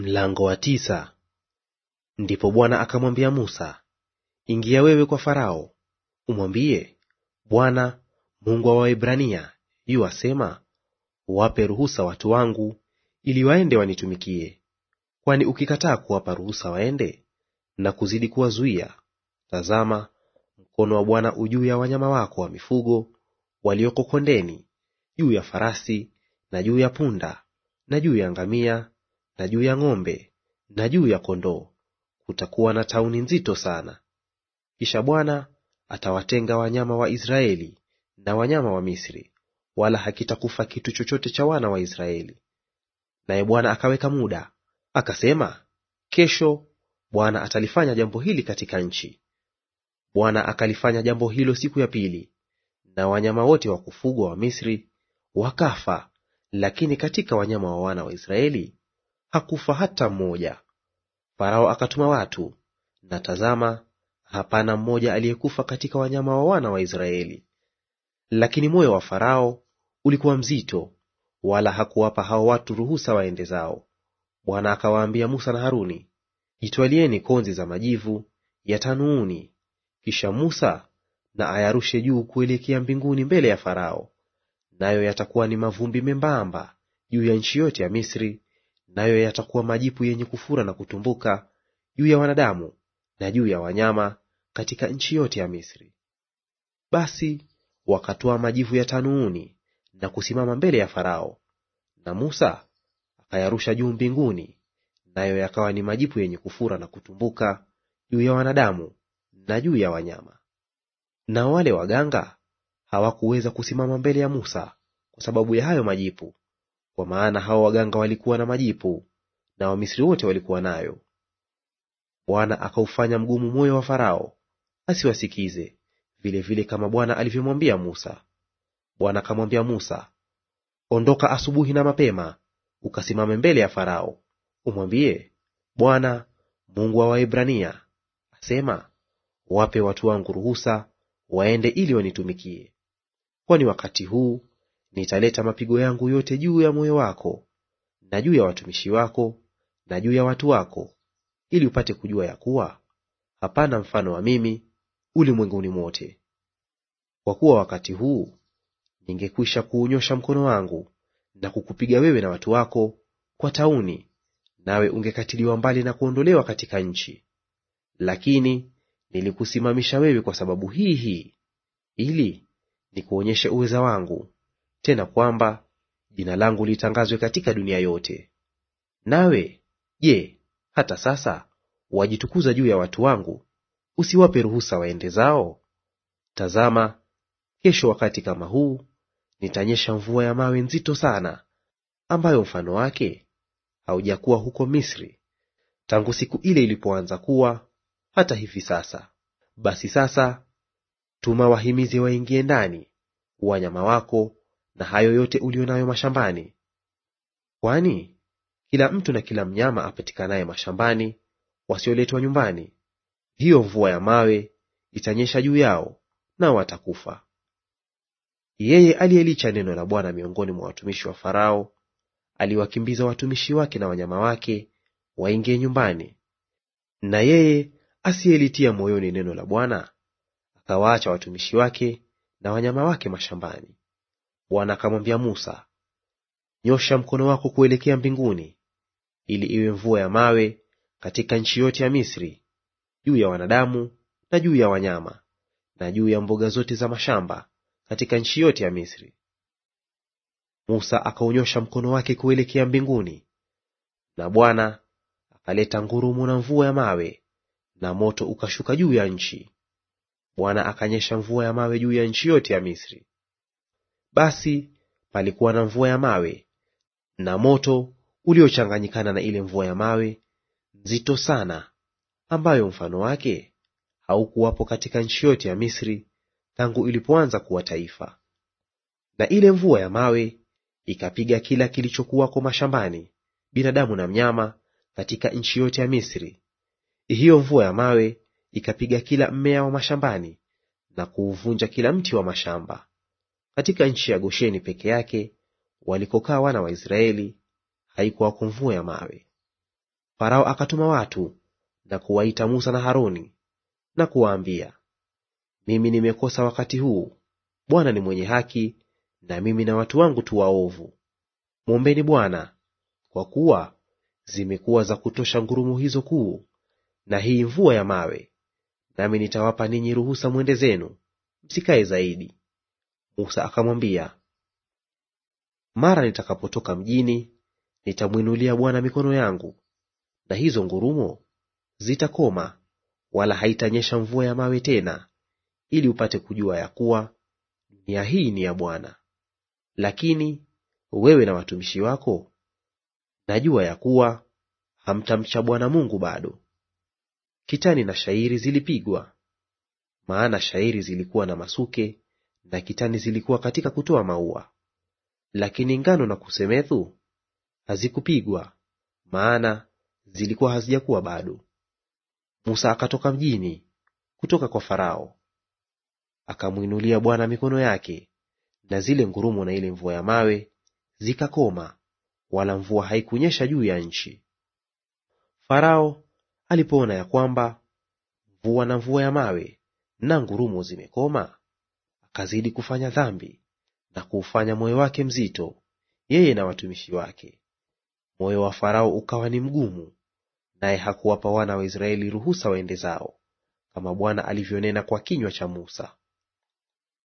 Mlango wa tisa. Ndipo Bwana akamwambia Musa, ingia wewe kwa Farao umwambie, Bwana Mungu wa Waebrania yu asema wape ruhusa watu wangu ili waende wanitumikie. Kwani ukikataa kuwapa ruhusa waende na kuzidi kuwazuia, tazama, mkono wa Bwana ujuu ya wanyama wako wa mifugo walioko kondeni, juu ya farasi na juu ya punda na juu ya ngamia na juu ya ng'ombe na juu ya kondoo; kutakuwa na tauni nzito sana. Kisha Bwana atawatenga wanyama wa Israeli na wanyama wa Misri, wala hakitakufa kitu chochote cha wana wa Israeli. Naye Bwana akaweka muda, akasema, kesho Bwana atalifanya jambo hili katika nchi. Bwana akalifanya jambo hilo siku ya pili, na wanyama wote wa kufugwa wa Misri wakafa, lakini katika wanyama wa wana wa Israeli hakufa hata mmoja. Farao akatuma watu, na tazama, hapana mmoja aliyekufa katika wanyama wa wana wa Israeli. Lakini moyo wa Farao ulikuwa mzito, wala hakuwapa hao watu ruhusa waende zao. Bwana akawaambia Musa na Haruni, jitwalieni konzi za majivu ya tanuuni, kisha Musa na ayarushe juu kuelekea mbinguni mbele ya Farao, nayo yatakuwa ni mavumbi membamba juu ya nchi yote ya Misri nayo yatakuwa majipu yenye kufura na kutumbuka juu ya wanadamu na juu ya wanyama katika nchi yote ya Misri. Basi wakatoa majivu ya tanuuni na kusimama mbele ya Farao, na Musa akayarusha juu mbinguni, nayo yakawa ni majipu yenye kufura na kutumbuka juu ya wanadamu na juu ya wanyama. Na wale waganga hawakuweza kusimama mbele ya Musa kwa sababu ya hayo majipu, kwa maana hao waganga walikuwa na majipu na Wamisri wote walikuwa nayo. Bwana akaufanya mgumu moyo wa Farao asiwasikize, vilevile kama Bwana alivyomwambia Musa. Bwana akamwambia Musa, ondoka asubuhi na mapema, ukasimame mbele ya Farao, umwambie, Bwana Mungu wa Waebrania asema, wape watu wangu ruhusa waende ili wanitumikie, kwani wakati huu nitaleta mapigo yangu yote juu ya moyo wako na juu ya watumishi wako na juu ya watu wako, ili upate kujua ya kuwa hapana mfano wa mimi ulimwenguni mwote. Kwa kuwa wakati huu ningekwisha kuunyosha mkono wangu na kukupiga wewe na watu wako kwa tauni, nawe ungekatiliwa mbali na kuondolewa katika nchi. Lakini nilikusimamisha wewe kwa sababu hii hii, ili nikuonyeshe uweza wangu tena kwamba jina langu litangazwe katika dunia yote. Nawe je, hata sasa wajitukuza juu ya watu wangu, usiwape ruhusa waende zao? Tazama, kesho wakati kama huu nitanyesha mvua ya mawe nzito sana, ambayo mfano wake haujakuwa huko Misri tangu siku ile ilipoanza kuwa hata hivi sasa. Basi sasa tuma wahimize waingie ndani, wanyama wako na hayo yote uliyo nayo mashambani. Kwani kila mtu na kila mnyama apatikanaye mashambani wasioletwa nyumbani, hiyo mvua ya mawe itanyesha juu yao, nao watakufa. Yeye aliyelicha neno la Bwana miongoni mwa watumishi wa Farao aliwakimbiza watumishi wake na wanyama wake waingie nyumbani, na yeye asiyelitia moyoni neno la Bwana akawaacha watumishi wake na wanyama wake mashambani. Bwana akamwambia Musa, nyosha mkono wako kuelekea mbinguni, ili iwe mvua ya mawe katika nchi yote ya Misri, juu ya wanadamu na juu ya wanyama na juu ya mboga zote za mashamba katika nchi yote ya Misri. Musa akaunyosha mkono wake kuelekea mbinguni, na Bwana akaleta ngurumo na mvua ya mawe, na moto ukashuka juu ya nchi. Bwana akanyesha mvua ya mawe juu ya nchi yote ya Misri. Basi palikuwa na mvua ya mawe na moto uliochanganyikana na ile mvua ya mawe nzito sana, ambayo mfano wake haukuwapo katika nchi yote ya Misri tangu ilipoanza kuwa taifa. Na ile mvua ya mawe ikapiga kila kilichokuwako mashambani, binadamu na mnyama, katika nchi yote ya Misri. Hiyo mvua ya mawe ikapiga kila mmea wa mashambani na kuuvunja kila mti wa mashamba katika nchi ya Gosheni peke yake walikokaa wana wa Israeli haikuwa mvua ya mawe. Farao akatuma watu na kuwaita Musa na Haroni na kuwaambia, mimi nimekosa wakati huu. Bwana ni mwenye haki, na mimi na watu wangu tu waovu. Mwombeni Bwana, kwa kuwa zimekuwa za kutosha ngurumo hizo kuu na hii mvua ya mawe, nami nitawapa ninyi ruhusa mwende zenu, msikae zaidi. Musa akamwambia, mara nitakapotoka mjini nitamwinulia Bwana mikono yangu, na hizo ngurumo zitakoma, wala haitanyesha mvua ya mawe tena, ili upate kujua ya kuwa dunia hii ni ya Bwana. Lakini wewe na watumishi wako najua ya kuwa hamtamcha Bwana Mungu bado. Kitani na shairi zilipigwa, maana shairi zilikuwa na masuke na kitani zilikuwa katika kutoa maua. Lakini ngano na kusemethu hazikupigwa, maana zilikuwa hazijakuwa bado. Musa akatoka mjini kutoka kwa Farao, akamwinulia Bwana mikono yake, na zile ngurumo na ile mvua ya mawe zikakoma, wala mvua haikunyesha juu ya nchi. Farao alipoona ya kwamba mvua na mvua ya mawe na ngurumo zimekoma, akazidi kufanya dhambi na kuufanya moyo wake mzito, yeye na watumishi wake. Moyo wa Farao ukawa ni mgumu, naye hakuwapa wana wa Israeli ruhusa waende zao, kama Bwana alivyonena kwa kinywa cha Musa.